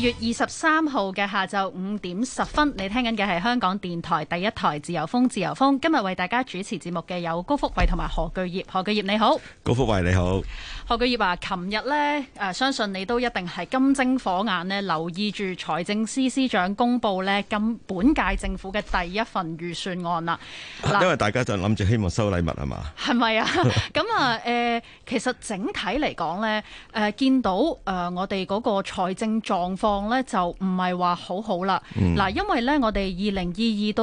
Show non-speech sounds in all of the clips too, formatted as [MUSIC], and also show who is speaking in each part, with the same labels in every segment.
Speaker 1: 月二十三號嘅下晝五點十分，你聽緊嘅係香港電台第一台自由風。自由風，今日為大家主持節目嘅有高福慧同埋何巨業。何巨業你好，
Speaker 2: 高福慧你好。
Speaker 1: 何居業啊！琴日咧，誒相信你都一定係金睛火眼咧，留意住財政司司長公布咧今本屆政府嘅第一份預算案啦。因為
Speaker 2: 大家就諗住希望收禮物吖嘛？
Speaker 1: 係咪啊？咁啊， [LAUGHS] 啊，其實整體嚟講咧，誒、啊、見到、呃、我哋嗰個財政狀況咧，就唔係話好好啦。嗱、嗯啊，因為咧，我哋二零二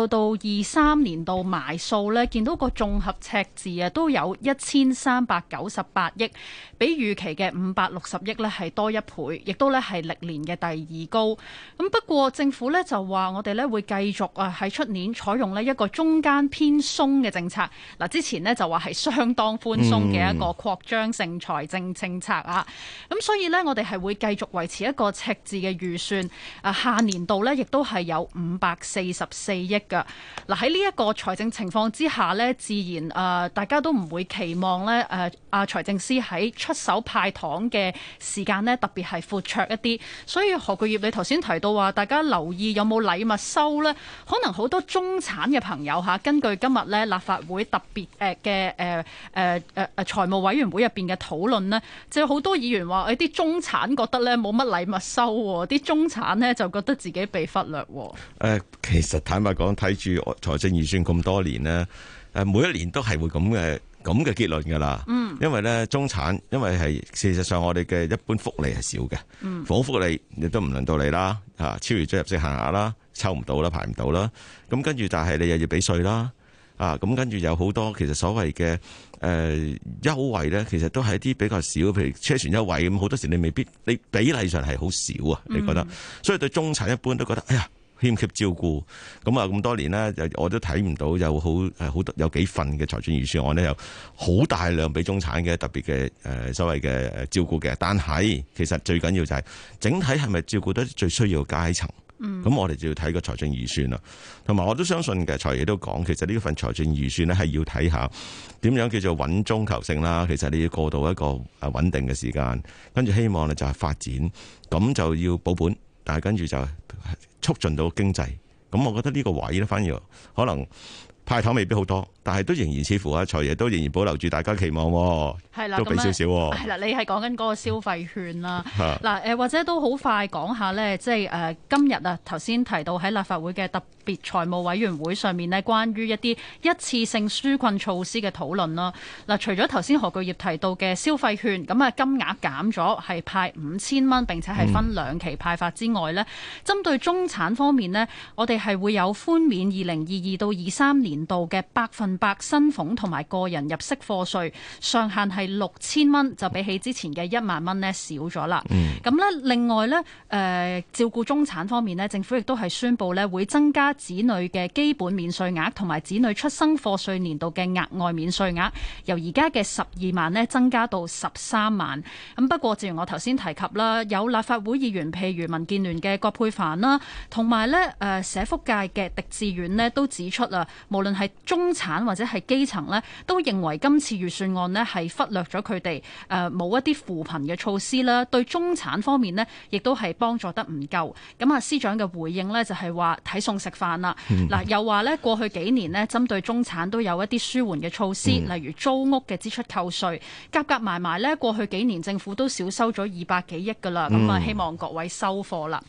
Speaker 1: 二到到二三年度埋數咧，見到個綜合赤字啊，都有一千三百九十八億。比預期嘅五百六十億呢，係多一倍，亦都呢係歷年嘅第二高。咁不過政府呢，就話我哋呢會繼續啊喺出年採用呢一個中間偏鬆嘅政策。嗱之前呢就話係相當寬鬆嘅一個擴張性財政政策啊。咁所以呢，我哋係會繼續維持一個赤字嘅預算。啊，下年度呢，亦都係有五百四十四億㗎。嗱喺呢一個財政情況之下呢，自然啊大家都唔會期望呢誒啊財政司喺出手派糖嘅時間咧，特別係闊綽一啲，所以何國業，你頭先提到話，大家留意有冇禮物收呢？可能好多中產嘅朋友嚇，根據今日咧立法會特別誒嘅誒誒誒財務委員會入邊嘅討論呢就好多議員話：誒啲中產覺得呢冇乜禮物收，啲中產呢就覺得自己被忽略。誒，
Speaker 2: 其實坦白講，睇住財政預算咁多年呢，誒每一年都係會咁嘅。咁嘅結論噶啦，因為咧中產，因為係事實上我哋嘅一般福利係少嘅，房屋福利亦都唔輪到你啦，超越咗入息限額啦，抽唔到啦，排唔到啦，咁跟住但係你又要俾稅啦，啊，咁跟住有好多其實所謂嘅誒優惠咧，其實都係一啲比較少，譬如車船優惠咁，好多時你未必，你比例上係好少啊，你覺得？所以對中產一般都覺得，哎呀。欠缺照顧，咁啊，咁多年咧，我都睇唔到有好好多有幾份嘅財政預算案呢，有好大量俾中產嘅特別嘅所謂嘅照顧嘅。但係其實最緊要就係整體係咪照顧得最需要嘅階層？咁我哋就要睇個財政預算啦。同埋我都相信嘅，財爺都講，其實呢份財政預算呢係要睇下點樣叫做穩中求勝啦。其實你要過到一個誒穩定嘅時間，跟住希望呢就係發展，咁就要保本。但係跟住就促進到經濟，咁我覺得呢個位咧反而可能。派頭未必好多，但係都仍然似乎阿財爺都仍然保留住大家期望，的都俾少少。係
Speaker 1: 啦，你係講緊嗰個消費券啦。嗱誒，或者都好快講下呢？即係誒今日啊，頭先提到喺立法會嘅特別財務委員會上面呢，關於一啲一次性紓困措施嘅討論啦。嗱，除咗頭先何鉅業提到嘅消費券，咁啊金額減咗，係派五千蚊，並且係分兩期派發之外呢，嗯、針對中產方面呢，我哋係會有寬免二零二二到二三年年度嘅百分百薪俸同埋個人入息課稅上限係六千蚊，就比起之前嘅一萬蚊咧少咗啦。咁咧、嗯、另外咧，誒、呃、照顧中產方面咧，政府亦都係宣布咧會增加子女嘅基本免稅額同埋子女出生課稅年度嘅額外免稅額，由而家嘅十二萬咧增加到十三萬。咁不過正如我頭先提及啦，有立法會議員譬如民建聯嘅葛珮帆啦，同埋咧誒社福界嘅狄志遠咧都指出啦，無論係中產或者係基層呢，都認為今次預算案呢，係忽略咗佢哋誒，冇、呃、一啲扶貧嘅措施啦，對中產方面呢，亦都係幫助得唔夠。咁啊，司長嘅回應呢，就係話睇餸食飯啦。嗱、嗯，又話呢，過去幾年呢，針對中產都有一啲舒緩嘅措施，嗯、例如租屋嘅支出扣稅，夾夾埋埋呢，過去幾年政府都少收咗二百幾億噶啦。咁、嗯、啊，希望各位收貨啦。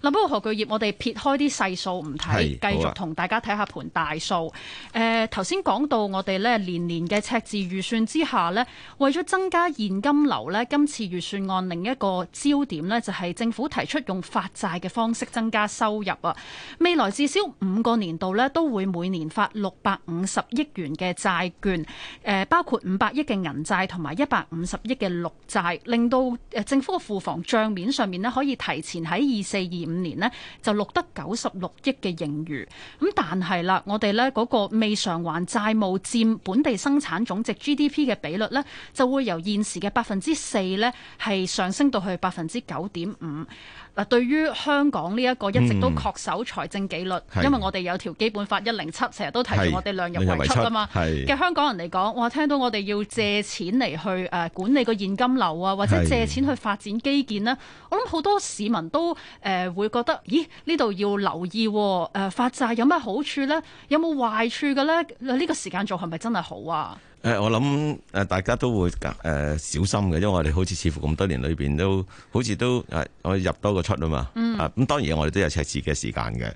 Speaker 1: 嗱，不過何巨業，我哋撇開啲細數唔睇，繼續同大家睇下盤大數。誒頭先講到我哋咧年年嘅赤字預算之下呢，為咗增加現金流呢，今次預算案另一個焦點呢，就係政府提出用發債嘅方式增加收入啊。未來至少五個年度呢，都會每年發六百五十億元嘅債券，誒包括五百億嘅銀債同埋一百五十億嘅綠債，令到誒政府嘅庫房帳面上面呢，可以提前喺二四二五年呢，就錄得九十六億嘅盈餘。咁但係啦，我哋呢，個未償還債務佔本地生產總值 GDP 嘅比率呢，就會由現時嘅百分之四呢，係上升到去百分之九點五。嗱，對於香港呢一個一直都恪守財政紀律，嗯、因為我哋有條基本法一零七，成日都提住我哋量入為出啊嘛。嘅、嗰個、香港人嚟講，哇，聽到我哋要借錢嚟去誒管理個現金流啊，或者借錢去發展基建呢是我諗好多市民都誒、呃、會覺得，咦？呢度要留意喎。呃，發債有咩好處呢？有冇壞處嘅咧？呢、呢個時間做係咪真係好啊？
Speaker 2: 誒，我諗誒，大家都會誒小心嘅，因為我哋好似似乎咁多年裏邊都好似都誒，我哋入多過出啊嘛。啊、嗯，咁當然我哋都有赤字嘅時間嘅。咁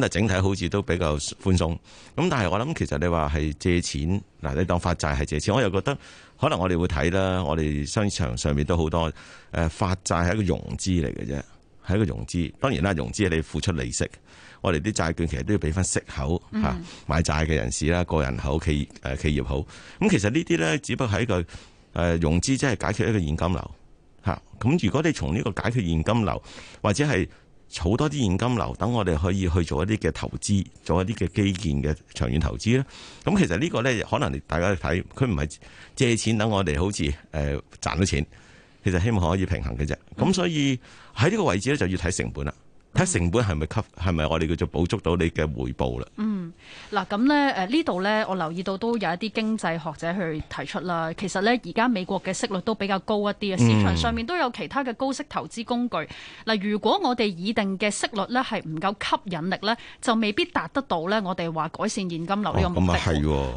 Speaker 2: 但係整體好似都比較寬鬆。咁但係我諗，其實你話係借錢，嗱你當發債係借錢，我又覺得可能我哋會睇啦。我哋商場上面都好多誒，發債係一個融資嚟嘅啫，係一個融資。當然啦，融資係你付出利息。我哋啲債券其實都要俾翻息口吓，買債嘅人士啦，個人好，企誒企業好。咁其實呢啲咧，只不過係一個誒融資，即係解決一個現金流吓。咁如果你從呢個解決現金流，或者係儲多啲現金流，等我哋可以去做一啲嘅投資，做一啲嘅基建嘅長遠投資咧。咁其實呢個咧，可能大家睇佢唔係借錢等我哋好似誒賺到錢，其實希望可以平衡嘅啫。咁所以喺呢個位置咧，就要睇成本啦。睇成本係咪吸係咪我哋叫做補足到你嘅回報啦。嗯，
Speaker 1: 嗱咁咧，誒呢度咧，我留意到都有一啲經濟學者去提出啦。其實咧，而家美國嘅息率都比較高一啲啊，市場上面都有其他嘅高息投資工具。嗱、嗯，如果我哋擬定嘅息率咧係唔夠吸引力咧，就未必達得到咧我哋話改善現金流呢個目的。咁啊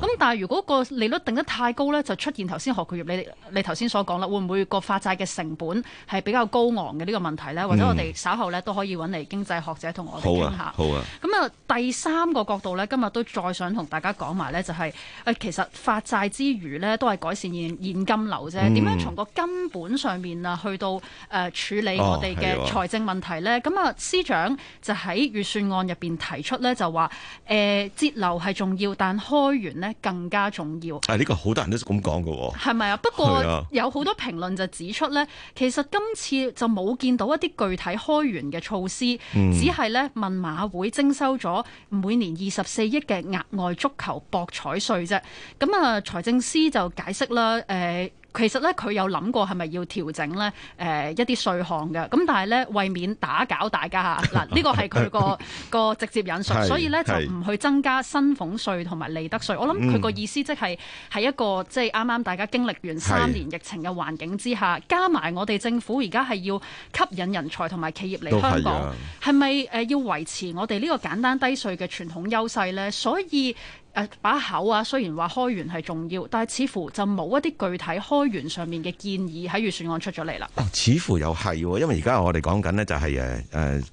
Speaker 1: 咁但係如果個利率定得太高咧，就出現頭先學佢入你你頭先所講啦，會唔會個發債嘅成本係比較高昂嘅呢？呢個問題咧？或者我哋稍後咧都可以揾你。經濟學者同我哋傾下好、啊，好啊。咁啊，第三個角度咧，今日都再想同大家講埋咧，就係、是、誒、呃、其實發債之餘咧，都係改善現現金流啫。點、嗯、樣從個根本上面啊，去到誒、呃、處理我哋嘅財政問題咧？咁、哦、啊，司長就喺預算案入邊提出咧，就話誒節流係重要，但開源呢更加重要。係
Speaker 2: 呢、啊這個好多人都咁講嘅喎，係
Speaker 1: 咪啊？不過、啊、有好多評論就指出咧，其實今次就冇見到一啲具體開源嘅措施。嗯、只係咧，問馬會徵收咗每年二十四億嘅額外足球博彩稅啫。咁啊，財政司就解釋啦，呃其實咧，佢有諗過係咪要調整咧、呃？一啲稅項嘅，咁但係咧，為免打攪大家嗱呢個係佢個個直接引述， [LAUGHS] 是所以咧是就唔去增加薪俸稅同埋利得稅。我諗佢個意思即係係一個即係啱啱大家經歷完三年疫情嘅環境之下，是加埋我哋政府而家係要吸引人才同埋企業嚟香港，係咪、啊呃、要維持我哋呢個簡單低稅嘅傳統優勢咧？所以啊、把口啊，雖然話開源係重要，但係似乎就冇一啲具體開源上面嘅建議喺預算案出咗嚟啦。
Speaker 2: 似乎又係，因為而家我哋講緊呢，就係誒誒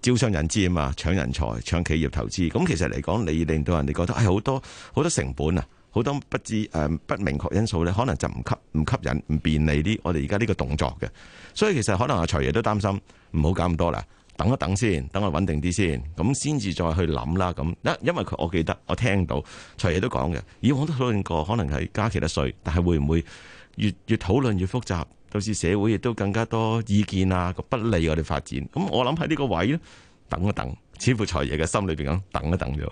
Speaker 2: 招商引資啊嘛，搶人才、搶企業投資。咁其實嚟講，你令到人哋覺得係哎、好多好多成本啊，好多不知誒、呃、不明確因素呢，可能就唔吸唔吸引、唔便利啲我哋而家呢個動作嘅。所以其實可能阿財爺都擔心不要麼，唔好搞咁多啦。等一等先，等我穩定啲先，咁先至再去諗啦。咁因因為佢我記得我聽到財爺都講嘅，以往都討論過，可能係加其他稅，但係會唔會越越討論越複雜，導致社會亦都更加多意見啊，個不利我哋發展。咁我諗喺呢個位咧，等一等，似乎財爺嘅心裏邊咁等一等咗。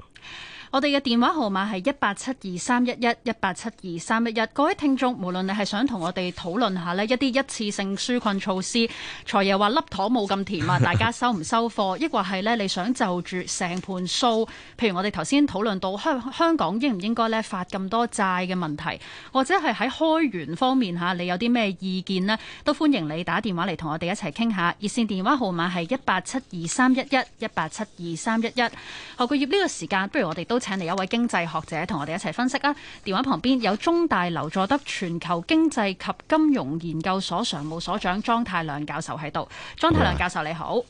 Speaker 1: 我哋嘅電話號碼係一八七二三一一一八七二三一一，各位聽眾，無論你係想同我哋討論一下呢一啲一次性紓困措施，財爺話粒糖冇咁甜啊，大家收唔收貨？抑或係呢你想就住成盤數，譬如我哋頭先討論到香香港應唔應該呢發咁多債嘅問題，或者係喺開源方面吓你有啲咩意見呢？都歡迎你打電話嚟同我哋一齊傾下，熱線電話號碼係一八七二三一一一八七二三一一。何桂葉，呢個時間，不如我哋都。請嚟一位經濟學者同我哋一齊分析啊！電話旁邊有中大劉佐德全球經濟及金融研究所常務所長莊太量教授喺度，莊太量教授你好。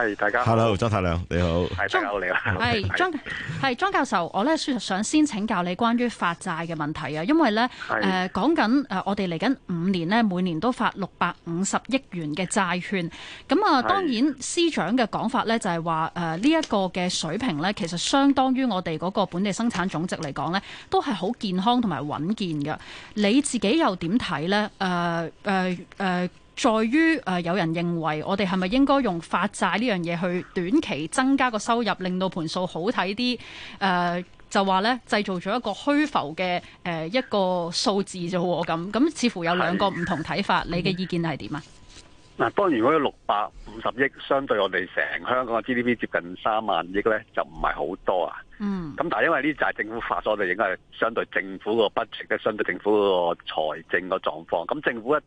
Speaker 3: 係大家
Speaker 2: ，Hello，莊太量你好，係大家好，Hello, 你好，係
Speaker 1: 莊係莊教授，我呢，想先請教你關於發債嘅問題啊，因為呢，誒是，講緊誒，我哋嚟緊五年呢，每年都發六百五十億元嘅債券，咁啊，當然是司長嘅講法呢，就係話誒，呢、呃、一、這個嘅水平呢，其實相當於我哋嗰個本地生產總值嚟講呢，都係好健康同埋穩健嘅。你自己又點睇呢？誒誒誒？呃呃在於誒有人認為我哋係咪應該用發債呢樣嘢去短期增加個收入，令到盤數好睇啲？誒、呃、就話咧製造咗一個虛浮嘅誒一個數字啫喎，咁咁，似乎有兩個唔同睇法。的你嘅意見係點啊？
Speaker 4: 嗱，當然如果六百五十億相對我哋成香港嘅 GDP 接近三萬億呢，就唔係好多啊。嗯。咁但係因為呢啲債政府發咗，就應該係相對政府個 budget，相對政府個財政個狀況。咁政府一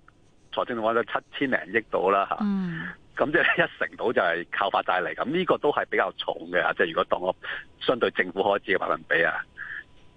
Speaker 4: 頭先話咗七千零億到啦吓，咁即係一成到就係靠發債嚟，咁，呢個都係比較重嘅，即係如果當我相對政府開支嘅百分比啊。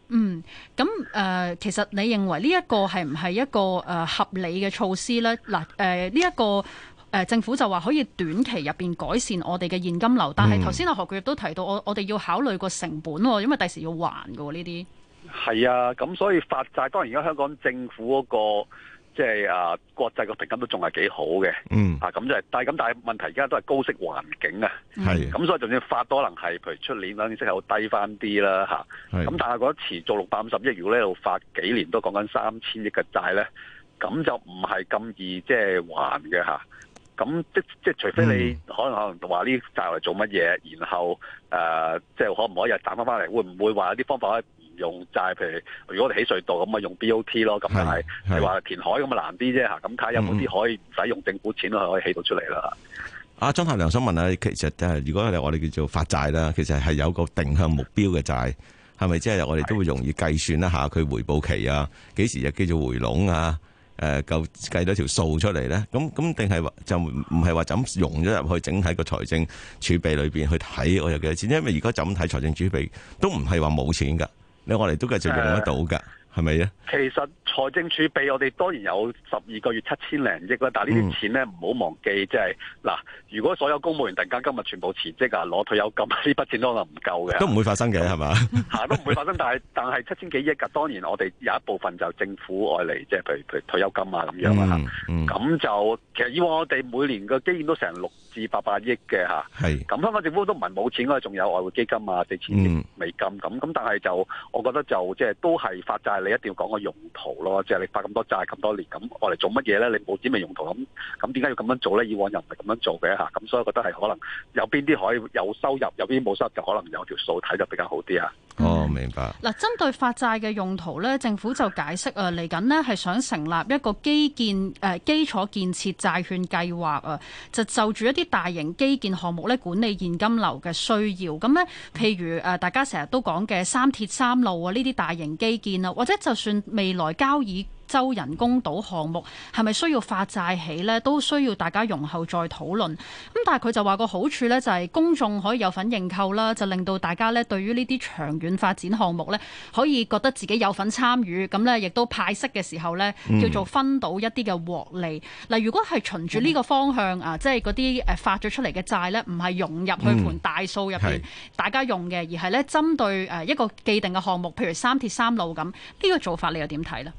Speaker 4: 嗯，
Speaker 1: 咁誒、呃，其實你認為呢一個係唔係一個誒合理嘅措施咧？嗱、呃，誒呢一個誒政府就話可以短期入邊改善我哋嘅現金流，嗯、但係頭先阿何佢亦都提到，我我哋要考慮個成本，因為第時要還嘅喎呢啲。
Speaker 4: 係啊，咁、嗯、所以發債，當然而家香港政府嗰、那個。即係啊，國際個評級都仲係幾好
Speaker 5: 嘅，嗯，
Speaker 4: 咁就係，但係咁但係問題而家都係高息環境啊，咁、嗯、所以就算發多，可能係譬如出年嗰啲息口低翻啲啦咁是、啊、但係覺得持續六百五十億，如果喺度發幾年都講緊三千億嘅債咧，咁就唔係咁易、就是啊、即係還嘅咁即即係除非你可能可能話呢債嚟做乜嘢，然後誒即係可唔可以又賺翻翻嚟，會唔會話有啲方法可以用債，譬如如果我哋起隧道咁啊，用 BOT 咯。咁又係你話填海咁啊，難啲啫嚇。咁睇下有冇啲可以唔使用政府錢咯，可以起到出嚟啦。
Speaker 2: 阿莊太量想問下，其實就係如果我哋叫做發債啦，其實係有個定向目標嘅債，係咪即係我哋都會容易計算一下佢回報期啊？幾時又叫做回籠啊？誒，夠計到條數出嚟咧？咁咁定係就唔係話咁融咗入去整體個財政儲備裏邊去睇我有幾多錢？因為而家就咁睇財政儲備都唔係話冇錢㗎。你我哋都繼續用得到噶，係咪
Speaker 4: 啊？是是呢其實，財政儲備我哋當然有十二個月七千零億啦，但係呢啲錢咧唔好忘記，即係嗱，如果所有公務員突然間今日全部辭職啊，攞退休金，呢筆錢都可能唔夠嘅。都唔
Speaker 2: 會發生嘅，係嘛？
Speaker 4: 吓 [LAUGHS] 都唔會發生，但係但係七千幾億噶，當然我哋有一部分就政府愛嚟，即係譬如譬如退休金啊咁樣
Speaker 2: 啦咁、嗯
Speaker 4: 嗯、就其實以往我哋每年嘅基建都成六。二百八億嘅嚇，係咁是香港政府都唔係冇錢，仲有外匯基金啊、積錢、美金咁。咁、嗯、但係就我覺得就即係都係發債，你一定要講個用途咯。即、就、係、是、你發咁多債咁多年，咁我嚟做乜嘢咧？你冇啲咩用途咁？咁點解要咁樣做咧？以往又唔係咁樣做嘅嚇。咁所以我覺得係可能有邊啲可以有收入，有邊啲冇收入，就可能有條數睇就比較好啲啊。哦，明白。
Speaker 1: 嗱、啊，針對發債嘅用途咧，政府就解釋啊，嚟緊呢係想成立一個基建誒、啊、基礎建設債券計劃啊，就就住一啲。大型基建項目咧，管理現金流嘅需要，咁咧譬如誒，大家成日都講嘅三鐵三路啊，呢啲大型基建啊，或者就算未來交易洲人工島項目係咪需要發債起呢？都需要大家容後再討論。咁但係佢就話個好處呢，就係公眾可以有份認購啦，就令到大家呢，對於呢啲長遠發展項目呢，可以覺得自己有份參與。咁呢，亦都派息嘅時候呢，叫做分到一啲嘅獲利。嗱、嗯，如果係循住呢個方向啊，嗯、即係嗰啲誒發咗出嚟嘅債呢，唔係融入去盤大數入邊大家用嘅，嗯、是而係呢針對誒一個既定嘅項目，譬如三鐵三路咁呢、呢個做法，你又點睇呢？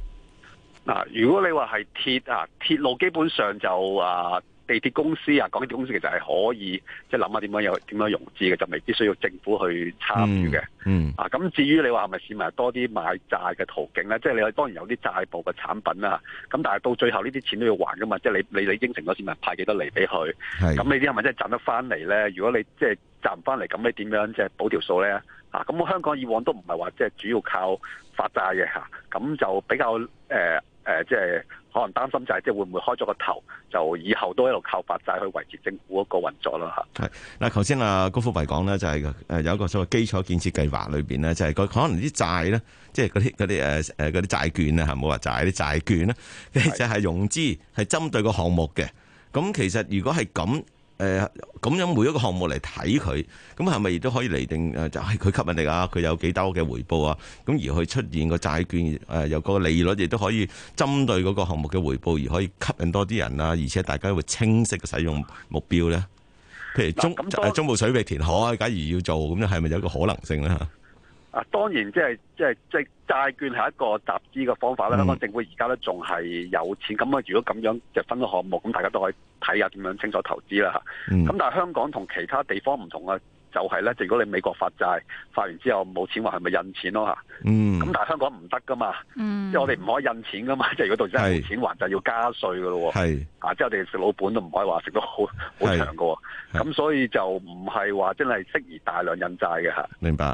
Speaker 4: 嗱、啊，如果你話係鐵啊，鐵路基本上就啊地鐵公司啊，港鐵公司其實係可以即係諗下點樣有點樣融資嘅，就未必需要政府去
Speaker 5: 參與嘅、嗯。嗯。
Speaker 4: 啊，咁至於你話係咪市民多啲買債嘅途徑咧？即、就、係、是、你當然有啲債部嘅產品啦。咁、啊、但係到最後呢啲錢都要還噶嘛？即、就、係、是、你你你應承咗市民派幾多利俾佢，咁是你啲係咪真係賺得翻嚟咧？如果你即係賺唔翻嚟，咁你點樣即係補條數咧？嚇、啊！咁香港以往都唔係話即係主要靠發債嘅嚇，咁、啊、就比較、呃誒，即係、呃就是、可能擔心就係即係會唔會開咗個頭，就以後都一路靠發債去維持政府一個運作咯嚇。
Speaker 2: 係，嗱，頭先阿高福慧講咧，就係、是、有一個所謂基礎建設計劃裏面咧，就係、是、佢可能啲債咧，即係嗰啲啲嗰啲債券啊，係冇話債啲債券咧，其實係融資係針對個項目嘅。咁其實如果係咁。誒，咁樣每一個項目嚟睇佢，咁係咪亦都可以嚟定誒？就係佢吸引力啊，佢有幾多嘅回報啊，咁而去出現個債券誒，有個利率亦都可以針對嗰個項目嘅回報而可以吸引多啲人啊，而且大家會清晰使用目標咧。譬如中中部水域填海，假如要做，咁係咪有一個可能性咧？
Speaker 4: 啊，當然即係即係即係債券係一個集資嘅方法啦。嗯、香港政府而家都仲係有錢，咁啊如果咁樣就分個項目，咁大家都可以睇下點樣清楚投資啦嚇。咁、嗯啊、但係香港同其他地方唔同啊。就係咧，如果你美國發債，發完之後冇錢還，係咪印錢咯吓，嗯，咁但係香港唔得噶嘛，嗯，即係我哋唔可以印錢噶嘛，即係如果到真係冇錢還是就要加稅噶咯，係是，啊，即係我哋食老本都唔可以話食到好好長噶，咁所以就唔係話真係適宜大量印
Speaker 2: 債嘅。吓明白，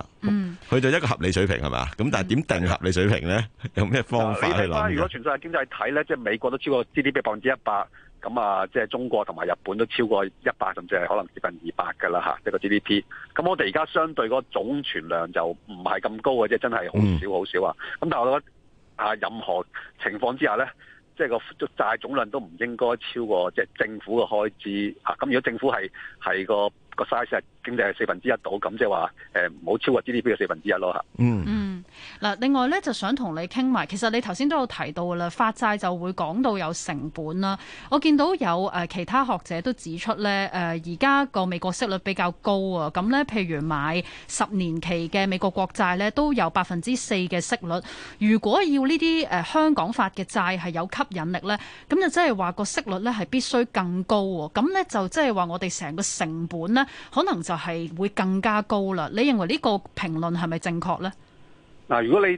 Speaker 2: 佢就、嗯、一個合理水平係嘛？咁但係點定合理水平咧？有咩方法去諗、啊、如果
Speaker 4: 全世界經濟睇咧，即係美國都超過 GDP 百分之一百。咁啊，即係中國同埋日本都超過一百，甚至係可能接近二百噶啦嚇，即係個 GDP。咁我哋而家相對嗰總存量就唔係咁高嘅啫，真係好少好少啊。咁、嗯、但係我覺得啊，任何情況之下咧，即係個債總量都唔應該超過即係、就是、政府嘅開支嚇。咁如果政府係係個個 size。係四分之一到咁，即係話誒，唔好超過 GDP 嘅四分之一咯嚇。嗯嗯，
Speaker 1: 嗱，另外咧，就想同你傾埋，其實你頭先都有提到啦，發債就會講到有成本啦。我見到有誒其他學者都指出咧，而家個美國息率比較高啊，咁咧，譬如買十年期嘅美國國債咧，都有百分之四嘅息率。如果要呢啲誒香港發嘅債係有吸引力咧，咁就即係話個息率咧係必須更高喎。咁咧就即係話我哋成個成本咧，可能就是、～係會更加高啦，你認為個評論，呢個評論係咪正確咧？
Speaker 4: 嗱，如果你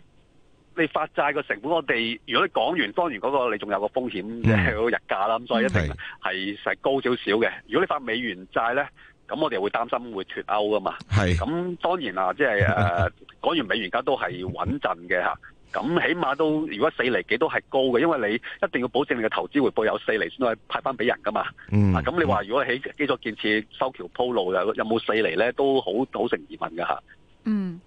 Speaker 4: 你發債個成本，我哋如果你講完，當然嗰個你仲有個風險，嗯、有個日價啦，咁所以一定係實是高少少嘅。如果你發美元債咧，咁我哋會擔心會脫歐噶嘛。係咁是，當然啊，即係誒，講、 [LAUGHS] 呃、完美元家都係穩陣嘅吓。咁起碼都，如果四厘幾都係高嘅，因為你一定要保證你嘅投資回報有四厘先可以派翻俾人噶嘛。嗯，咁、啊、你話如果喺基礎建設修橋鋪路有有冇四厘咧，都好好成疑問㗎吓。嗯。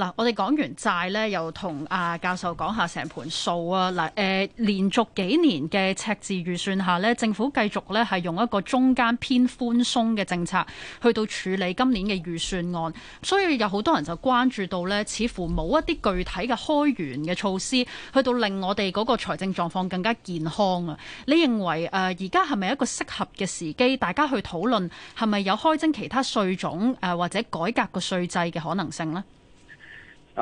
Speaker 1: 嗱，我哋講完債咧，又同阿、啊、教授講下成盤數啊。嗱，誒、呃、連續幾年嘅赤字預算下咧，政府繼續咧係用一個中間偏寬鬆嘅政策去到處理今年嘅預算案，所以有好多人就關注到咧，似乎冇一啲具體嘅開源嘅措施去到令我哋嗰個財政狀況更加健康啊。你認為誒而家係咪一個適合嘅時機，大家去討論係咪有開徵其他稅種誒、呃、或者改革個稅制嘅可能性呢？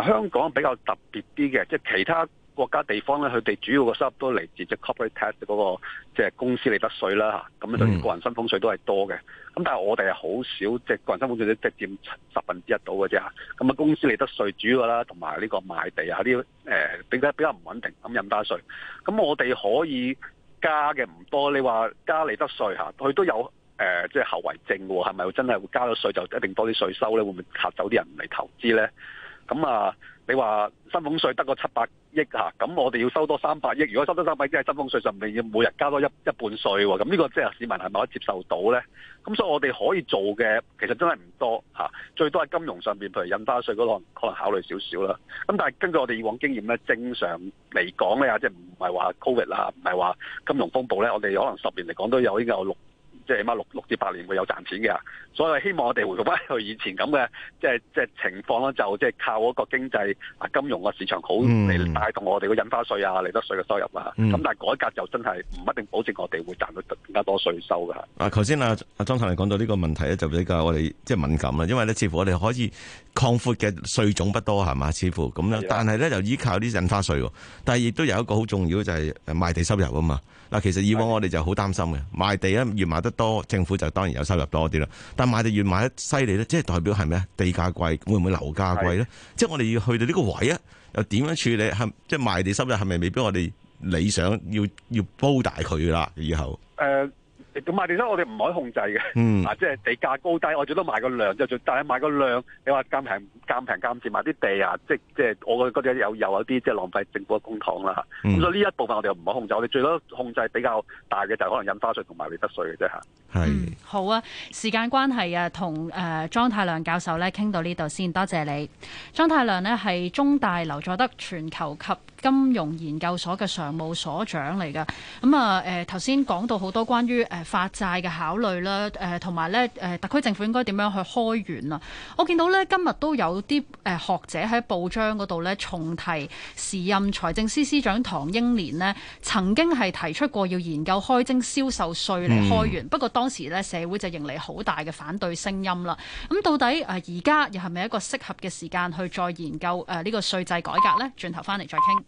Speaker 4: 香港比較特別啲嘅，即係其他國家地方咧，佢哋主要嘅收入都嚟自即係 company tax 嗰個，即係公司利得稅啦嚇。咁啊，個人薪俸稅都係多嘅。咁但係我哋係好少，即係個人薪俸稅只佔十分之一到嘅啫。咁啊，公司利得稅主要啦，同埋呢個賣地啊啲誒，比較比較唔穩定咁，印花稅。咁我哋可以加嘅唔多。你話加利得稅嚇，佢都有誒，即係後遺症喎，係咪真係會加咗稅就一定多啲稅收咧？會唔會嚇走啲人嚟投資咧？咁啊，你話薪俸稅得個七百億嚇，咁我哋要收多三百億，如果收多三百億即係薪俸稅上面要每日加多一一半稅喎？咁呢個即係市民係咪可以接受到咧？咁所以，我哋可以做嘅其實真係唔多嚇，最多喺金融上面，譬如印花稅嗰度可能考慮少少啦。咁但係根據我哋以往經驗咧，正常嚟講咧，即係唔係話 COVID 啊，唔係話金融風暴咧，我哋可能十年嚟講都有應該有六。即係起碼六六至八年會有賺錢嘅，所以希望我哋回復翻去以前咁嘅即係即係情況啦，就即係靠嗰個經濟啊金融嘅市場好嚟帶動我哋個印花稅啊利得稅嘅收入啊。咁、嗯、但係改革就真係唔一定保證我哋會賺到更加多稅收
Speaker 2: 㗎。啊，頭先阿啊莊太嚟講到呢個問題咧，就比較我哋即係敏感啦，因為咧似乎我哋可以擴闊嘅稅種不多係嘛？似乎咁樣，但係咧的就依靠啲印花稅喎，但係亦都有一個好重要就係、是、賣地收入啊嘛。嗱，其實以往我哋就好擔心嘅，賣地咧越賣得多，政府就當然有收入多啲啦。但賣地越賣得犀利咧，即係代表係咩？地價貴，會唔會樓價貴咧？即係我哋要去到呢個位啊，又點樣處理？係即係賣地收入係咪未必我哋理想？要要煲大佢啦，以後。
Speaker 3: 誒。同
Speaker 4: 埋地商我哋唔可以控制嘅，嗯、啊，即係地價高低，我最多買個量就最但係賣個量，你話咁平咁平咁賤賣啲地啊，即即係我覺得有有啲即係浪費政府嘅公帑啦。咁所以呢一部分我哋又唔可以控制，我哋最多控制比較大嘅就係可能印花稅同埋利得稅嘅
Speaker 5: 啫。
Speaker 1: 好啊，時間關係啊，同誒、呃、莊太量教授咧傾到呢度先，多謝你，莊太量呢係中大劉佐德全球級。金融研究所嘅常務所長嚟噶，咁、嗯、啊，誒、呃，頭先講到好多關於誒、呃、發債嘅考慮啦，誒、呃，同埋咧，誒、呃，特區政府應該點樣去開源啊？我見到咧今日都有啲誒、呃、學者喺報章嗰度咧重提，時任財政司司司長唐英年呢曾經係提出過要研究開徵銷售稅嚟開源，嗯、不過當時咧社會就迎嚟好大嘅反對聲音啦。咁、嗯、到底誒而家又係咪一個適合嘅時間去再研究誒呢、呃這個稅制改革咧？轉頭翻嚟再傾。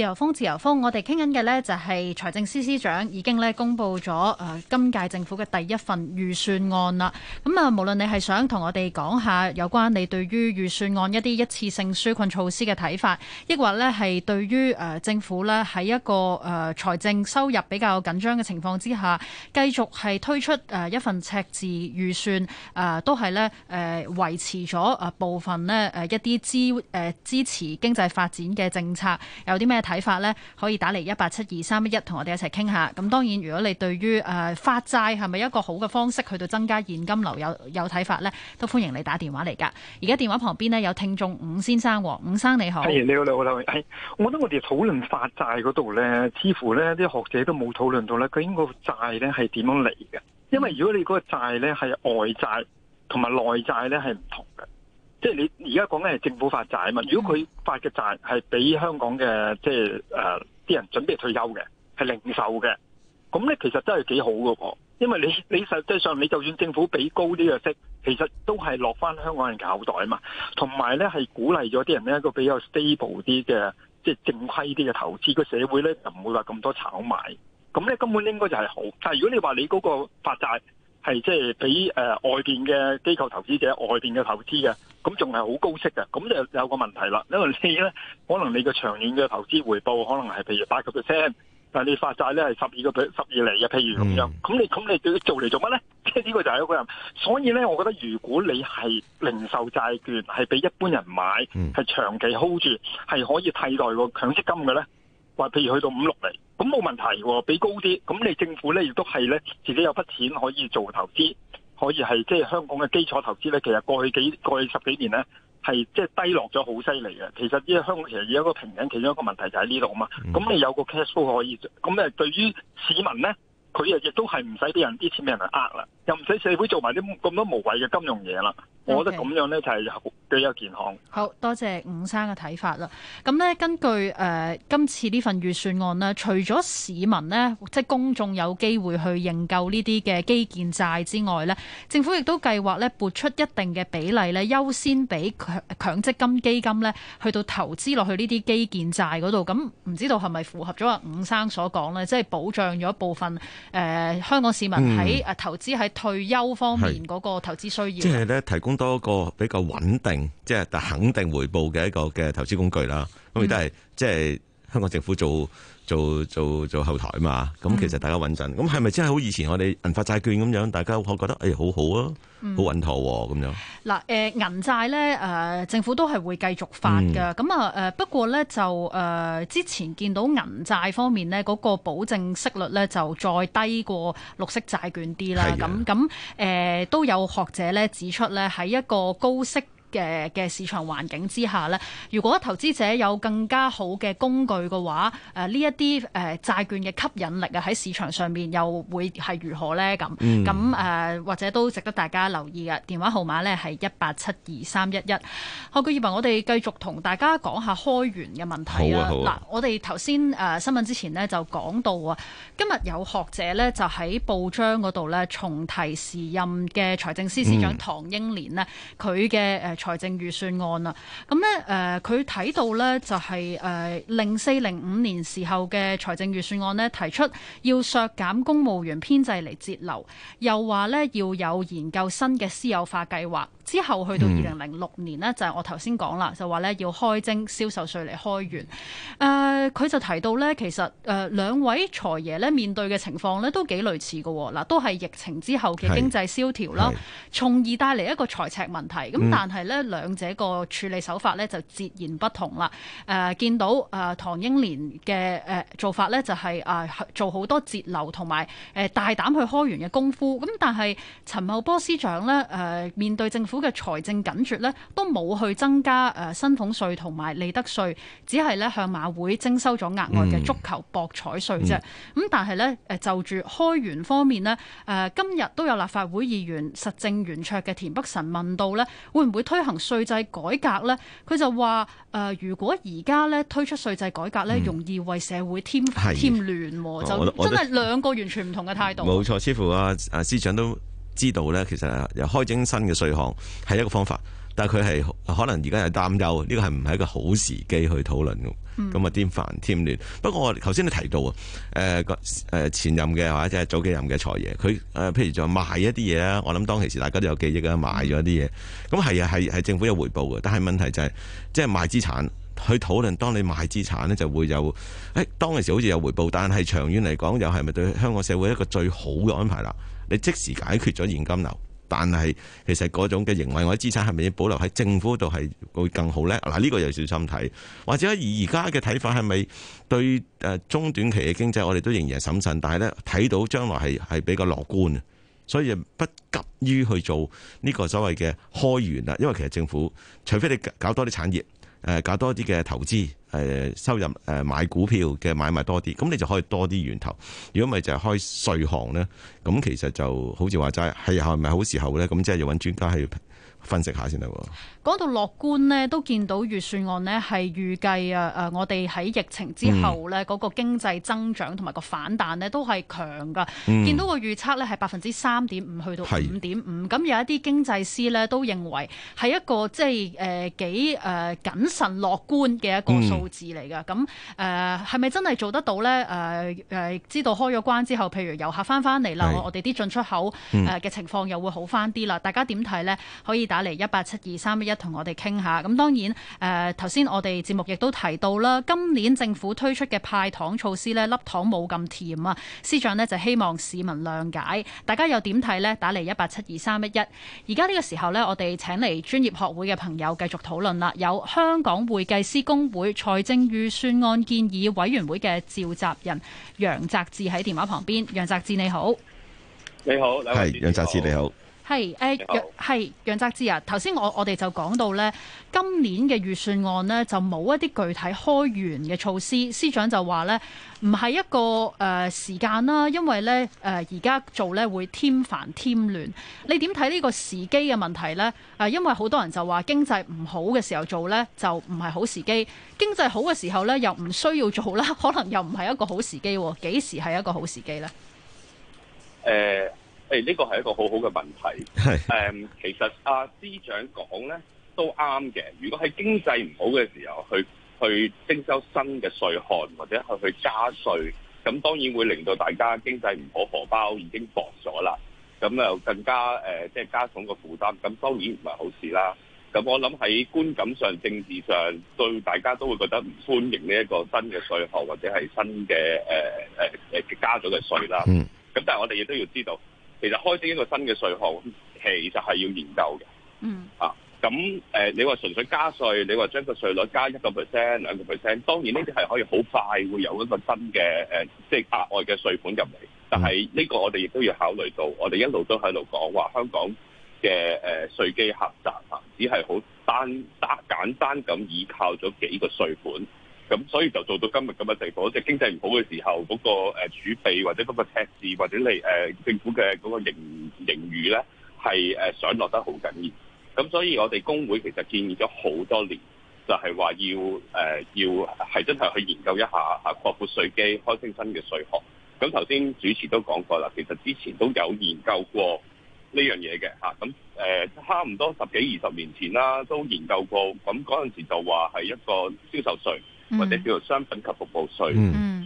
Speaker 1: 自由風，自由風，我哋傾緊嘅呢就係財政司司長已經公布咗今屆政府嘅第一份預算案啦。咁啊，無論你係想同我哋講下有關你對於預算案一啲一次性紓困措施嘅睇法，抑或呢係對於政府呢喺一個誒財政收入比較緊張嘅情況之下，繼續係推出一份赤字預算，都係呢誒維持咗部分呢一啲支支持經濟發展嘅政策，有啲咩睇法咧，可以打嚟一八七二三一一同我哋一齊傾下。咁當然，如果你對於誒、呃、發債係咪一個好嘅方式去到增加現金流有有睇法呢，都歡迎你打電話嚟噶。而家電話旁邊呢，有聽眾伍先生，伍生你好。係，你好你
Speaker 3: 好你好。我覺得我哋討論發債嗰度呢，似乎呢啲學者都冇討論到呢，究竟個債呢係點樣嚟嘅？因為如果你嗰個債呢係外債同埋內債呢係唔同嘅。即係你而家講緊係政府發債啊嘛，如果佢發嘅債係俾香港嘅，即係誒啲人準備退休嘅，係零售嘅，咁咧其實真係幾好噶，因為你你實際上你就算政府俾高啲嘅息，其實都係落翻香港人嘅口袋啊嘛，同埋咧係鼓勵咗啲人咧一個比較 stable 啲嘅，即係正規啲嘅投資，個社會咧就唔會話咁多炒賣，咁咧根本應該就係好。但係如果你話你嗰個發債係即係俾誒外邊嘅機構投資者、外邊嘅投資嘅。咁仲係好高息嘅，咁就有個問題啦。因為你咧，可能你嘅長遠嘅投資回報可能係譬如八個 percent，但你發債咧係十二個 percent 十二釐嘅，譬如咁樣。咁、嗯、你咁你對佢做嚟做乜咧？即係呢個就係一個人。所以咧，我覺得如果你係零售債券係俾一般人買，係、嗯、長期 hold 住，係可以替代個強積金嘅咧，話譬如去到五六釐，咁冇問題喎，俾高啲。咁你政府咧亦都係咧，自己有筆錢可以做投資。可以係即係香港嘅基礎投資咧，其實過去幾過去十幾年咧係即係低落咗好犀利嘅。其實依家香港其實而家個平穩，其中一個問題就喺呢度啊嘛。咁你有個 cash flow 可以，咁誒對於市民咧，佢又亦都係唔使俾人啲錢俾人去呃啦，又唔使社會做埋啲咁多無謂嘅金融嘢啦。我覺得咁樣呢，就係比較健康。
Speaker 1: Okay. 好多謝伍生嘅睇法啦。咁呢，根據誒、呃、今次呢份預算案呢，除咗市民呢，即係公眾有機會去認購呢啲嘅基建債之外呢，政府亦都計劃呢撥出一定嘅比例呢優先俾強強積金基金呢去到投資落去呢啲基建債嗰度。咁唔知道係咪符合咗阿伍生所講呢，即係保障咗部分誒、呃、香港市民喺誒、嗯、投資喺退休方面嗰個投資需要。即係
Speaker 2: 呢提供。多個比較穩定，即係但肯定回報嘅一個嘅投資工具啦。咁亦都係即係香港政府做。做做做後台嘛，咁其實大家穩陣，咁係咪真係好似以前我哋銀發債券咁樣，大家可覺得誒、哎、好好啊，好穩妥咁樣？嗱、
Speaker 1: 呃，誒銀債咧，誒、呃、政府都係會繼續發噶，咁啊誒，不過咧就誒、呃、之前見到銀債方面咧嗰、那個保證息率咧就再低過綠色債券啲啦，咁咁誒都有學者咧指出咧喺一個高息。嘅嘅市場環境之下呢，如果投資者有更加好嘅工具嘅話，誒呢一啲誒債券嘅吸引力啊，喺市場上面又會係如何呢？咁咁誒，或者都值得大家留意嘅。電話號碼呢係一八七二三一一。好，據以為我哋繼續同大家講下開源嘅問題啊。啊」嗱，我哋頭先誒新聞之前呢就講到啊，今日有學者呢就喺報章嗰度呢重提時任嘅財政司司長唐英年呢，佢嘅誒。財政預算案啦，咁咧誒，佢、呃、睇到咧就係誒零四零五年時候嘅財政預算案咧，提出要削減公務員編制嚟節流，又話咧要有研究新嘅私有化計劃。之後去到二零零六年呢就係我頭先講啦，就話、是、咧要開徵銷售稅嚟開源。誒、呃，佢就提到咧，其實誒、呃、兩位財爺咧面對嘅情況咧都幾類似嘅、哦，嗱都係疫情之後嘅經濟蕭條啦，從而帶嚟一個財赤問題。咁、嗯、但係兩者個處理手法咧就截然不同啦，呃，見到、呃、唐英年嘅、呃、做法咧，就係、是呃、做好多節流同埋、呃、大膽去開源嘅功夫。咁但係陳茂波司長咧、呃、面對政府嘅財政緊缺咧，都冇去增加誒薪俸、呃、稅同埋利得稅，只係咧向馬會徵收咗額外嘅足球博彩稅啫。咁、嗯嗯、但係咧就住開源方面咧、呃、今日都有立法會議員實政圓桌嘅田北辰問到咧，會唔會推？推行稅制改革呢，佢就話誒、呃，如果而家咧推出稅制改革呢，嗯、容易為社會添的添亂亂，就真係兩個完全唔同嘅態度也。冇
Speaker 2: 錯，似乎阿、啊、阿司長都知道呢，其實由開徵新嘅稅項係一個方法。但係佢係可能而家係擔憂，呢個係唔係一個好時機去討論嘅？咁啊添煩添亂。不過我頭先都提到啊，誒個前任嘅或者係早幾任嘅財爺，佢誒譬如就賣一啲嘢啦。我諗當其時大家都有記憶啊，賣咗啲嘢。咁係啊係係政府有回報嘅，但係問題就係、是、即係賣資產去討論。當你賣資產呢就會有誒當其時好似有回報，但係長遠嚟講又係咪對香港社會一個最好嘅安排啦？你即時解決咗現金流。但係其實嗰種嘅營運，或者資產係咪要保留喺政府度係會更好呢？嗱，呢個又小心睇，或者而家嘅睇法係咪對誒中短期嘅經濟，我哋都仍然係審慎，但係呢，睇到將來係係比較樂觀，所以不急於去做呢個所謂嘅開源啦。因為其實政府除非你搞多啲產業，誒搞多啲嘅投資。誒、呃、收入誒、呃、買股票嘅買賣多啲，咁你就可以多啲源頭。如果唔係就係開稅項咧，咁其實就好似話齋係又唔係好時候咧，咁即係要搵專家去。分析一下先得喎。
Speaker 1: 講到樂觀咧，都見到預算案咧係預計啊！誒我哋喺疫情之後咧，嗰個經濟增長同埋個反彈咧都係強噶。嗯、見到個預測咧係百分之三點五去到五點五。咁是有一啲經濟師咧都認為係一個即係誒幾誒謹慎樂觀嘅一個數字嚟㗎。咁誒、嗯，係咪、呃、真係做得到咧？誒、呃、誒，知道開咗關之後，譬如遊客翻翻嚟啦，是我哋啲進出口誒嘅情況又會好翻啲啦。嗯、大家點睇咧？可以。打嚟一八七二三一一同我哋傾下，咁當然誒頭先我哋節目亦都提到啦，今年政府推出嘅派糖措施呢，粒糖冇咁甜啊！司長呢，就希望市民諒解，大家又點睇呢？打嚟一八七二三一一。而家呢個時候呢，我哋請嚟專業學會嘅朋友繼續討論啦。有香港會計師公會財政預算案建議委員會嘅召集人楊澤志喺電話旁邊，楊澤志你好。
Speaker 2: 你好，係楊澤志你好。
Speaker 1: 係，誒 Hey ,、uh, Hello.，係、hey, 楊澤志啊！頭先我我哋就講到呢今年嘅預算案呢，就冇一啲具體開源嘅措施。司長就話呢唔係一個誒、呃、時間啦，因為呢誒而家做呢會添煩添亂。你點睇呢個時機嘅問題呢？啊，因為好多人就話經濟唔好嘅時候做呢，就唔係好時機，經濟好嘅時候呢，又唔需要做啦，可能又唔係一個好時機、啊。幾時係一個好時機呢？誒、
Speaker 6: uh。誒呢個係一個好好嘅問題。是 um, 其實阿司長講咧都啱嘅。如果喺經濟唔好嘅時候去去徵收新嘅稅項，或者去去加稅，咁當然會令到大家經濟唔好，荷包已經薄咗啦。咁又更加呃、即係加重個負擔。咁當然唔係好事啦。咁我諗喺觀感上、政治上，對大家都會覺得唔歡迎呢一個新嘅稅項，或者係新嘅、呃呃、加咗嘅稅啦。嗯。咁但係我哋亦都要知道。其實開設一個新嘅稅項，其實係要研究嘅。嗯、mm. 啊，咁誒、呃，你話純粹加稅，你話將個稅率加一個 percent、兩個 percent，當然呢啲係可以好快會有一個新嘅誒，即、呃、係、就是、額外嘅稅款入嚟。但係呢個我哋亦都要考慮到，我哋一路都喺度講話香港嘅誒稅基狹窄啊，只係好單單簡單咁依靠咗幾個稅款。咁所以就做到今日咁嘅地步，即係經濟唔好嘅時候，嗰、嗰個誒儲備或者嗰個赤字或者你誒政府嘅嗰個盈盈餘咧，係誒上落得好緊要。咁所以我哋工會其實建議咗好多年，就係、是、話要誒、呃、要係真係去研究一下吓擴闊稅基開清新嘅稅項。咁頭先主持都講過啦，其實之前都有研究過呢樣嘢嘅吓，咁誒差唔多十幾二十年前啦，都研究過咁，嗰陣時就話係一個銷售稅。或者叫做商品及服務稅，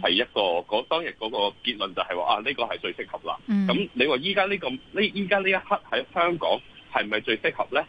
Speaker 6: 係一個嗰、嗯、當日嗰個結論就係、是、話啊，呢、這個係最適合啦。咁、嗯、你話依家呢個呢依家呢一刻喺香港係咪最適合咧？誒、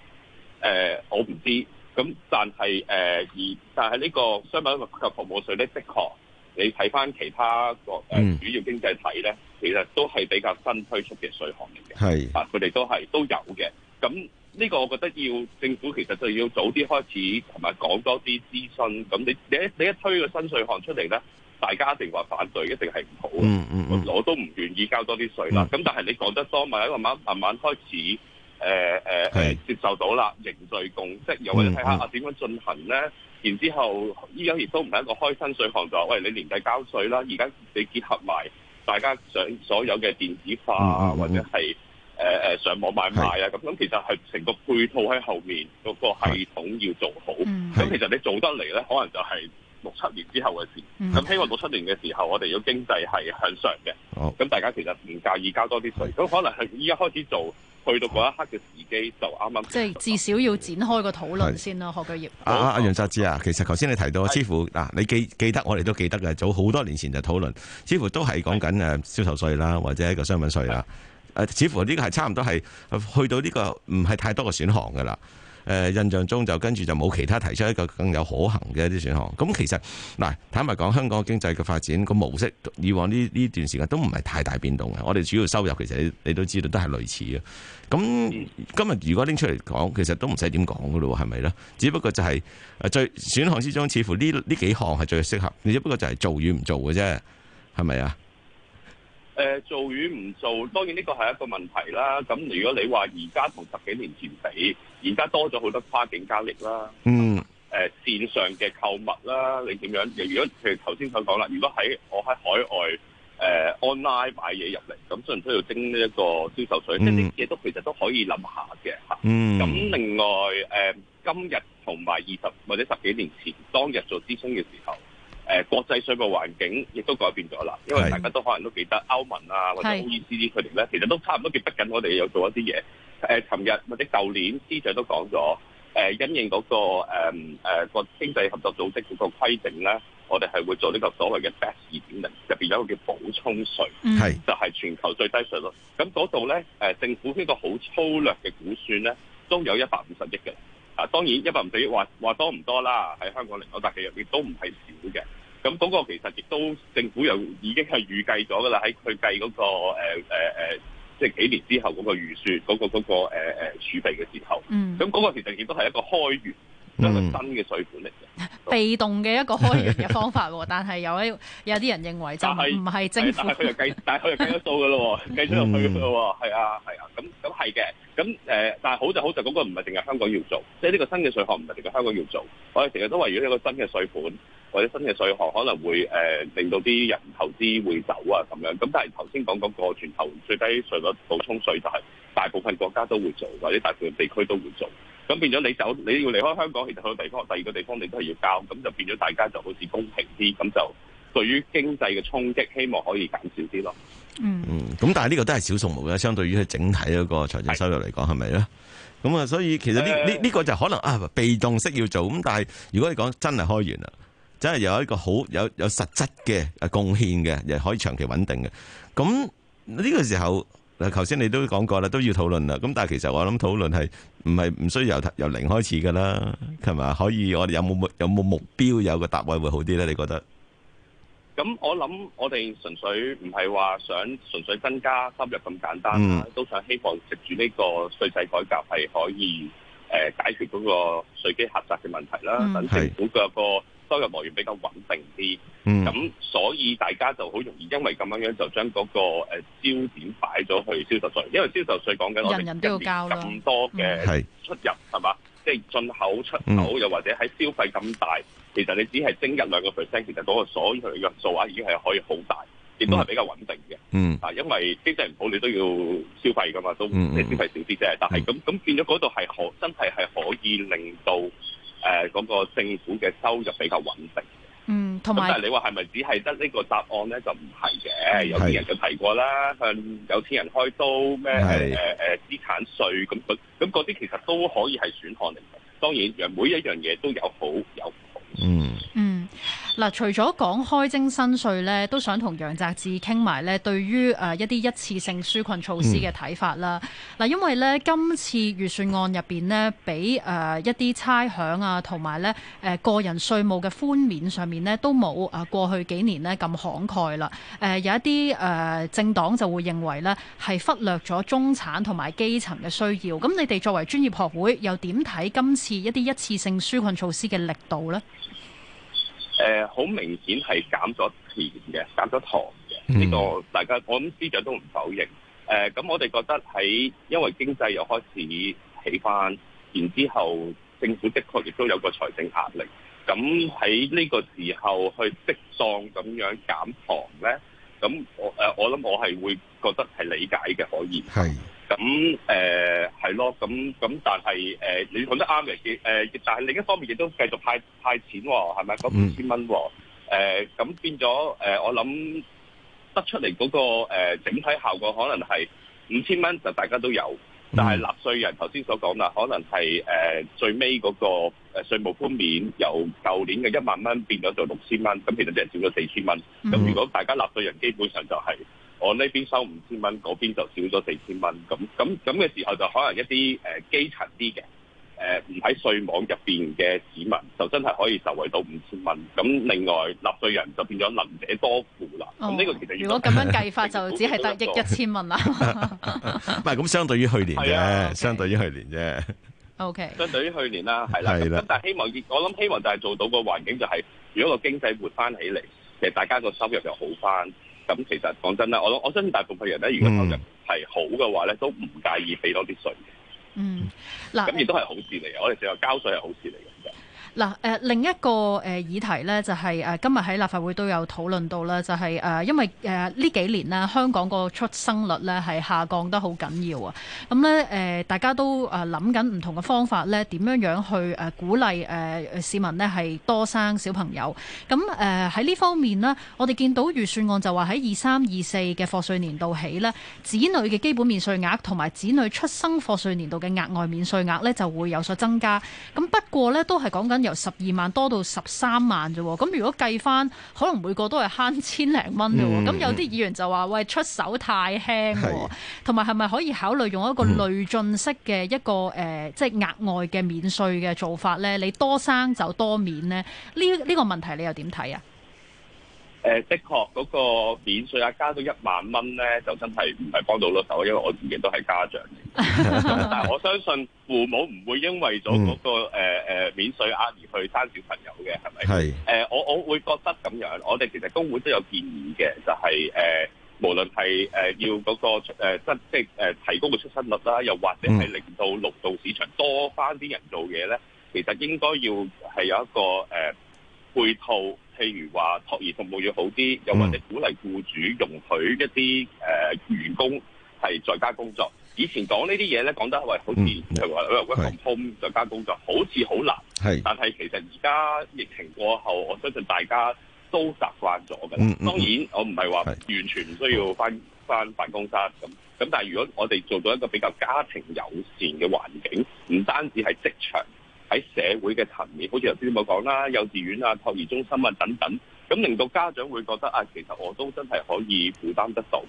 Speaker 6: 呃，我唔知道。咁但係誒、呃，而但係呢個商品及服務稅咧，的確你睇翻其他個主要經濟體咧，嗯、其實都係比較新推出嘅稅項嚟嘅。係啊是，佢哋都係都有嘅。咁。呢個我覺得要政府其實就要早啲開始同埋講多啲諮詢。咁你你一你一推個新稅項出嚟咧，大家一定話反對，一定係唔好。嗯
Speaker 5: 嗯我，我
Speaker 6: 都唔願意交多啲稅啦。咁、嗯、但係你講得多嘛，慢慢慢慢開始誒、呃呃、是接受到啦，凝聚共識，又或者睇下啊點樣進行咧。然之後依家亦都唔係一個開新稅項就話，喂，你年底交稅啦。而家你結合埋大家想所有嘅電子化、嗯嗯、或者係。誒誒上網買賣啊，咁咁其實係成個配套喺後面，嗰個系統要做好。咁其實你做得嚟咧，可能就係六七年之後嘅事。咁希望六七年嘅時候，我哋嘅經濟係向上嘅。咁大家其實唔介意交多啲稅。咁可能係依家開始做，去到嗰一刻嘅時機就啱啱。即係
Speaker 1: 至少要展開個討論先啦，何家業。
Speaker 6: 啊
Speaker 2: 阿楊澤志啊，其實頭先你提到，似乎嗱你記記得我哋都記得嘅，早好多年前就討論，似乎都係講緊誒銷售稅啦，或者一個商品稅啦。呃、似乎呢個係差唔多係去到呢個唔係太多嘅選項噶啦。誒、呃，印象中就跟住就冇其他提出一個更有可行嘅一啲選項。咁、嗯、其實嗱，坦白講，香港經濟嘅發展個模式，以往呢呢段時間都唔係太大變動嘅。我哋主要收入其實你都知道都係類似嘅。咁、嗯、今日如果拎出嚟講，其實都唔使點講噶咯，係咪咧？只不過就係誒最選項之中，似乎呢呢幾項係最適合。你只不過就係做與唔做嘅啫，係咪啊？
Speaker 6: 誒、呃、做與唔做，當然呢個係一個問題啦。咁如果你話而家同十幾年前比，而家多咗好多跨境交易啦。嗯。誒、呃、線上嘅購物啦，你點樣？如果譬如頭先所講啦，如果喺我喺海外誒、呃、online 買嘢入嚟，咁甚然都要徵呢一個銷售水即啲嘢都其實都可以諗下嘅嚇。
Speaker 5: 嗯。咁另
Speaker 6: 外誒、呃，今日同埋二十或者十幾年前當日做支詢嘅時候。誒國際稅個環境亦都改變咗啦，因為大家都可能都記得歐盟啊或者 OECD 佢哋咧，其實都差唔多叫不僅我哋有做一啲嘢。誒、呃，尋日或者舊年司長都講咗，誒、呃、因應嗰、那個誒誒個經濟合作組織的那個規定咧，我哋係會做呢個所謂嘅 Best 2.0，入邊有一個叫補充稅，係就係、是、全球最低稅咯。咁嗰度咧，誒、呃、政府呢個好粗略嘅估算咧，都有一百五十億嘅。當然一百五十億話話多唔多啦，喺香港零組件入面都唔係少嘅。咁嗰、那個其實亦都政府又已經係預計咗㗎啦，喺佢計嗰、那個、呃呃、即係幾年之後嗰個預算嗰、那個嗰、那個誒、呃、儲備嘅時候。咁、那、嗰個其實亦都係一個開源。是一個新嘅稅款嚟嘅，
Speaker 1: 被動嘅一個開源嘅方法。 [LAUGHS] 但係有啲有啲人認為就唔係政府。但係佢又計，
Speaker 6: 但係佢又計得到嘅咯，計出嚟去嘅咯。係啊， [LAUGHS] 係啊。 [LAUGHS] 咁咁係嘅。咁誒，但係好就好就嗰、嗰個唔係淨係香港要做，即係呢個新嘅稅項唔係淨係香港要做。我哋成日都話，如果一個新嘅稅款或者新嘅稅項可能會誒、呃、令到啲人投資會走啊咁樣。咁但係頭先講嗰個全球最低稅率補充稅就係大部分國家都會做，或者大部分地區都會做。咁變咗你走，你要離開香港，其實去到地方第二個地方，你都係要交，咁就變咗大家就好似公平啲，咁就對於經濟嘅衝擊，希望可以減少啲咯。嗯，
Speaker 2: 咁但係呢個都係小數目嘅，相對於佢整體嗰個財政收入嚟講，係咪咧？咁啊，所以其實呢呢呢個就可能啊，被動式要做，咁但係如果你講真係開源啦，真係有一個好有有實質嘅貢獻嘅，又可以長期穩定嘅，咁呢個時候。嗱，頭先你都講過啦，都要討論啦。咁但係其實我諗討論係唔係唔需要由由零開始噶啦，係咪啊？可以我哋有冇有冇目標，有個答案會好啲咧？你覺得？
Speaker 6: 咁我諗我哋純粹唔係話想純粹增加收入咁簡單啦，都想希望藉住呢個稅制改革係可以誒解決嗰個稅基狹窄嘅問題啦，等政府嘅個。收入來源比較穩定啲，咁、嗯、所以大家就好容易，因為咁樣樣就將嗰個焦點擺咗去銷售稅，因為銷售稅講緊我哋一年咁多嘅出入係嘛，即係是、就是、進口出口、嗯、又或者喺消費咁大，其實你只係升一兩個 percent，其實嗰個所有嘅數啊已經係可以好大，亦都係比較穩定嘅。嗯，啊、嗯，因為經濟唔好你都要消費㗎嘛，都你消費少啲啫，但係咁咁變咗嗰度係可真係係可以令到。誒嗰、呃那個政府嘅收入比較穩定的。
Speaker 1: 嗯，同埋但你
Speaker 6: 話係咪只係得呢個答案咧？就唔係嘅，有啲人就提過啦，是的 向有錢人開刀咩？誒誒是的、呃呃、資產稅咁咁嗰啲其實都可以係選項嚟嘅。當然，每一樣嘢都有好有唔好。
Speaker 5: 嗯。嗯。
Speaker 1: 嗱，除咗講開徵新稅咧，都想同楊澤志傾埋咧。對於誒一啲一次性紓困措施嘅睇法啦。嗱、嗯，因為咧今次預算案入邊呢，俾誒一啲差餉啊，同埋咧誒個人稅務嘅寬免上面呢，都冇啊過去幾年呢咁慷慨啦。誒有一啲誒政黨就會認為呢係忽略咗中產同埋基層嘅需要。咁你哋作為專業學會，又點睇今次一啲一次性紓困措施嘅力度呢？
Speaker 6: 誒，好、呃、明顯係減咗錢嘅，減咗糖嘅。呢、這個大家我諗司長都唔否認。誒、呃，咁我哋覺得喺因為經濟又開始起翻，然之後政府的確亦都有個財政壓力。咁喺呢個時候去適當咁樣減糖咧？咁我誒，我諗我係會覺得係理解嘅，可以。係。咁誒係咯，咁咁但係誒，你講得啱嘅嘅，誒，但係另一方面亦都繼續派派錢喎，係咪？嗰五千蚊喎，誒，咁變咗誒，我諗得出嚟嗰個誒整體效果可能係五千蚊就大家都有。但係納稅人頭先所講啦，可能係誒、呃、最尾嗰、嗰個稅、呃、稅務方面，由舊年嘅一萬蚊變咗做六千蚊，咁其實即係少咗四千蚊。咁如果大家納稅人基本上就係我呢邊收五千蚊，嗰邊就少咗四千蚊，咁咁咁嘅時候就可能一啲、呃、基層啲嘅。誒唔喺稅網入邊嘅市民就真係可以受惠到五千蚊，咁另外納稅人就變咗能者多富啦。咁呢、哦、個其實
Speaker 1: 如果咁樣計法 [LAUGHS] 就只係得益一千蚊啦。
Speaker 2: 唔係咁 [LAUGHS] 相對於去年啫，啊 okay. 相對於去年啫。
Speaker 6: O Okay . K，相對於去年啦，係啦。咁的但係希望我諗希望就係做到個環境就係、是，如果個經濟活翻起嚟，其實大家個收入又好翻。咁其實講真啦，我我相信大部分人咧，如果收入係好嘅話咧，都唔介意俾多啲稅。嗯，嗱，咁亦都係好事嚟嘅，我哋成日交稅係好事嚟嘅。
Speaker 1: 嗱，誒另一個誒議題呢，就係誒今日喺立法會都有討論到啦，就係誒因為誒呢幾年呢，香港個出生率呢係下降得好緊要啊，咁呢，誒大家都誒諗緊唔同嘅方法呢，點樣樣去誒鼓勵誒市民呢係多生小朋友。咁誒喺呢方面呢，我哋見到預算案就話喺二三、二四嘅課稅年度起呢，子女嘅基本免稅額同埋子女出生課稅年度嘅額外免稅額呢就會有所增加。咁不過呢，都係講緊。由十二萬多到十三萬啫，咁如果計翻，可能每個都係慳千零蚊啫。咁、嗯、有啲議員就話：喂，出手太輕、喔，同埋係咪可以考慮用一個累進式嘅一個誒、呃，即係額外嘅免稅嘅做法咧？你多生就多免咧？呢呢、呢個問題你又點睇啊？
Speaker 6: 誒、呃，的確嗰、那個免稅額、啊、加到一萬蚊咧，就真係唔係幫到攞手，因為我自己都係家長嘅。 [LAUGHS] 但係我相信父母唔會因為咗嗰、那個誒、嗯呃、免稅額、啊、而去生小朋友嘅，係咪？係是。誒、呃，我我會覺得咁樣，我哋其實公會都有建議嘅，就係、是、誒、呃，無論係誒、呃、要嗰、那個誒、呃，即即誒、呃，提高個出生率啦，又或者係令到勞動市場多翻啲人做嘢咧，嗯、其實應該要係有一個誒、呃、配套。譬如話，托兒服務要好啲，又或者鼓勵僱主容許一啲誒、嗯呃、員工係在家工作。以前講呢啲嘢咧，講得係好似就話 work from home 在家工作，好似好難。是但係其實而家疫情過後，我相信大家都習慣咗嘅。嗯、當然，嗯、我唔係話完全唔需要返返是辦公室咁。咁但係如果我哋做到一個比較家庭友善嘅環境，唔單止係職場。喺社會嘅層面，好似頭先冇講啦，幼稚園啊、托兒中心啊等等，咁令到家長會覺得啊，其實我都真係可以負擔得到，誒、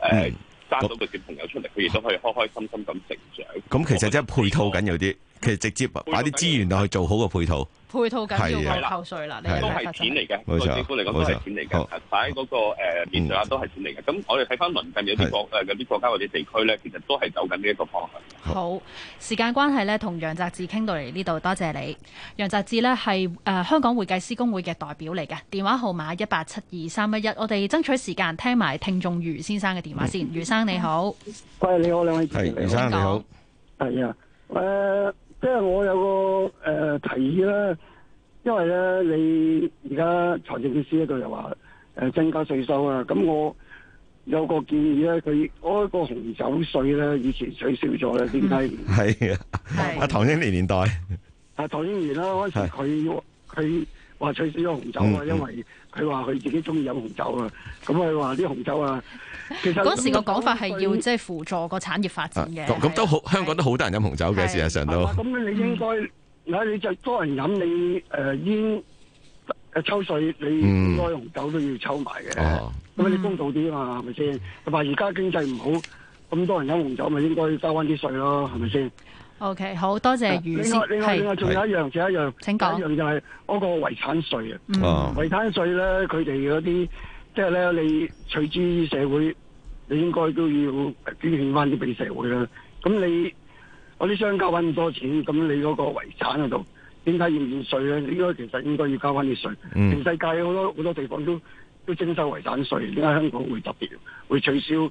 Speaker 6: 嗯，生到個小朋友出嚟，佢亦都可以開開心心咁成長。
Speaker 2: 咁、嗯、其實真係配套緊有啲。其實直接擺啲資源落去做好個配套，配套緊要係扣稅啦，你都係錢嚟嘅。冇錯，嚟講都係錢嚟嘅。擺嗰個誒，面值啊都
Speaker 6: 係錢嚟嘅。咁我哋睇翻鄰近有啲國有啲國家或者地區咧，其實都係走緊呢一個方向。
Speaker 1: 好，時間關係咧，同楊澤志傾到嚟呢度，多謝你。楊澤志呢係誒香港會計師公會嘅代表嚟嘅，電話號碼一八七二三一一。我哋爭取時間聽埋聽眾余先生嘅電話先。余生你好，
Speaker 7: 喂，你好兩位，係余生你好，係啊，誒。即係我有個誒、呃、提議啦，因為咧，你而家財政司一句又話誒、呃、增加稅收啊，咁我有個建議咧，佢嗰個紅酒稅咧，以前取消咗咧點解
Speaker 2: 係啊，阿的唐英年年代，
Speaker 7: 阿、啊、唐英年啦，嗰時佢佢話取消咗紅、嗯嗯、紅、紅酒啊，因為佢話佢自己中意飲紅酒啊，咁佢話啲紅酒啊。嗰時個講法係
Speaker 1: 要即係輔助個產業發展嘅。咁
Speaker 2: 都好，香港都好多人飲紅酒嘅事實上都。
Speaker 7: 咁你應該，嗱，你就多人飲，你誒煙誒抽水，你開紅酒都要抽埋嘅。咁你公道啲嘛，係咪先？同埋而家經濟唔好，咁多人飲紅酒，咪應該收翻啲稅咯，係咪先
Speaker 1: ？OK，好多謝余先。另外另外仲有
Speaker 7: 一樣，仲有一樣。請講。一樣就係嗰個遺產稅啊。遺產稅咧，佢哋嗰啲。即係咧，你取之於社會你應該都要捐獻翻啲俾社會啦。咁你我啲商家揾咁多錢，咁你嗰個遺產嗰度點解要免稅咧？你應該其實應該要交翻啲稅。嗯、全世界好多好多地方都都徵收遺產稅，點解香港會特別會取消誒咁、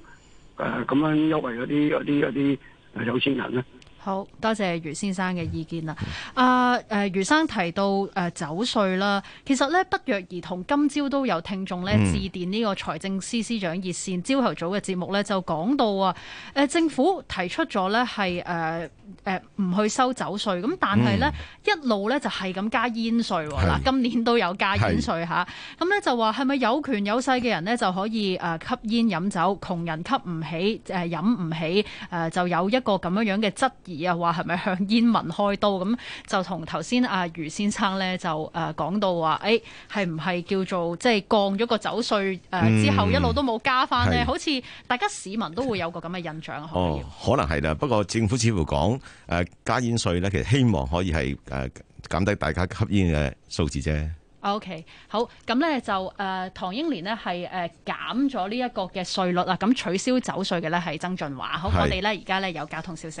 Speaker 7: 呃、樣優惠嗰啲嗰啲嗰啲誒有錢人咧？
Speaker 1: 好多謝余先生嘅意見啦。啊，誒、呃，余生提到誒、呃、酒稅啦，其實咧不約而同，今朝都有聽眾咧致電呢個財政司司長熱線。嗯、朝頭早嘅節目咧就講到啊，誒、呃、政府提出咗咧係誒誒唔去收酒稅，咁但係咧、嗯、一路咧就係咁加煙稅嗱，是今年都有加煙稅嚇，咁咧是就話係咪有權有勢嘅人咧就可以誒吸煙飲酒，窮人吸唔起誒、呃、飲唔起誒、呃、就有一個咁樣樣嘅質疑。而又話係咪向煙民開刀咁？就同頭先阿余先生呢、哎，就誒講到話，誒係唔係叫做即係降咗個酒稅誒之後一路都冇加返呢？嗯、是好似大家市民都會有個咁嘅印象，哦、
Speaker 2: 可能要係啦。不過政府似乎講誒加煙稅呢，其實希望可以係誒減低大家吸煙嘅數字啫。
Speaker 1: O、okay, K，好，咁呢就誒、呃、唐英年呢，係誒減咗呢一個嘅稅率啦。咁取消酒稅嘅呢，係曾俊華。好，是我哋呢而家呢，有交通消息。